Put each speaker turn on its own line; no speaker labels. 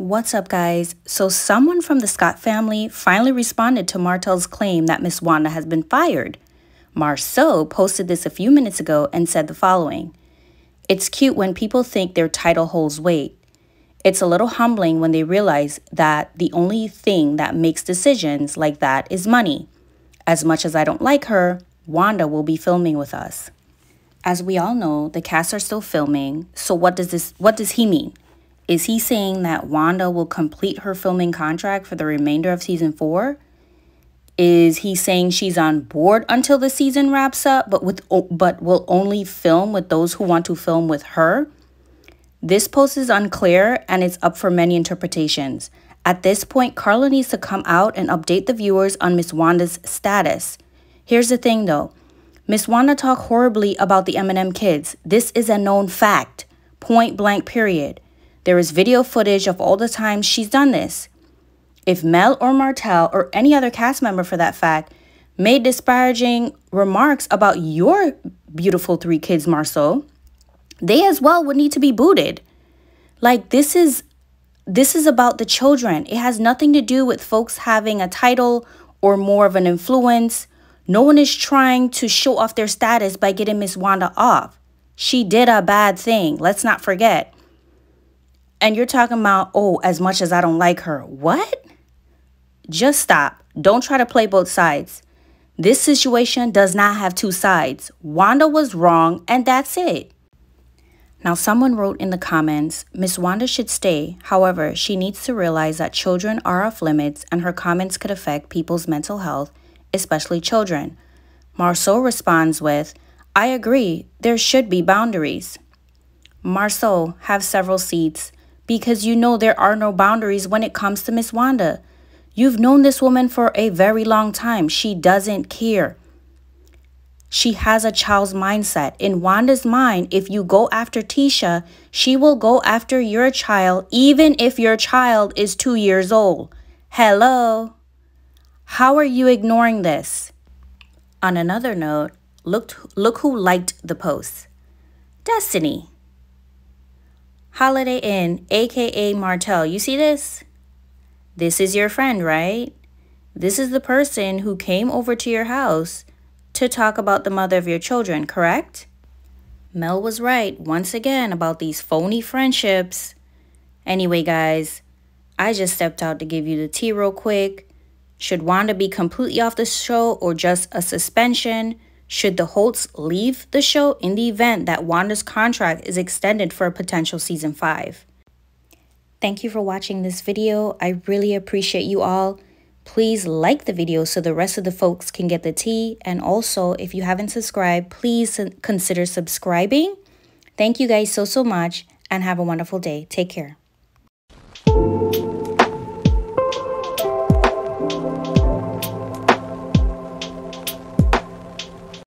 What's up, guys? So, someone from the Scott family finally responded to Martell's claim that Miss Wanda has been fired. Marceau posted this a few minutes ago and said the following It's cute when people think their title holds weight. It's a little humbling when they realize that the only thing that makes decisions like that is money. As much as I don't like her, Wanda will be filming with us. As we all know, the cast are still filming, so what does this what does he mean? Is he saying that Wanda will complete her filming contract for the remainder of season four? Is he saying she's on board until the season wraps up, but with but will only film with those who want to film with her? This post is unclear and it's up for many interpretations. At this point, Carla needs to come out and update the viewers on Miss Wanda's status. Here's the thing though. Miss Wanda talked horribly about the Eminem kids. This is a known fact. Point blank period. There is video footage of all the times she's done this. If Mel or Martel or any other cast member for that fact made disparaging remarks about your beautiful three kids, Marceau, they as well would need to be booted. Like this is this is about the children. It has nothing to do with folks having a title or more of an influence. No one is trying to show off their status by getting Miss Wanda off. She did a bad thing, let's not forget. And you're talking about, oh, as much as I don't like her. What? Just stop. Don't try to play both sides. This situation does not have two sides. Wanda was wrong, and that's it. Now, someone wrote in the comments, Miss Wanda should stay. However, she needs to realize that children are off limits and her comments could affect people's mental health, especially children. Marceau responds with, I agree, there should be boundaries. Marceau, have several seats because you know there are no boundaries when it comes to Miss Wanda. You've known this woman for a very long time. She doesn't care. She has a child's mindset. In Wanda's mind, if you go after Tisha, she will go after your child, even if your child is two years old. Hello? How are you ignoring this? On another note, look look who liked the post. Destiny. Holiday Inn, aka Martel. You see this? This is your friend, right? This is the person who came over to your house to talk about the mother of your children, correct? Mel was right once again about these phony friendships. Anyway, guys, I just stepped out to give you the tea real quick. Should Wanda be completely off the show or just a suspension? should the Holts leave the show in the event that Wanda's contract is extended for a potential season 5. Thank you for watching this video. I really appreciate you all. Please like the video so the rest of the folks can get the tea. And also, if you haven't subscribed, please consider subscribing. Thank you guys so, so much and have a wonderful day. Take care.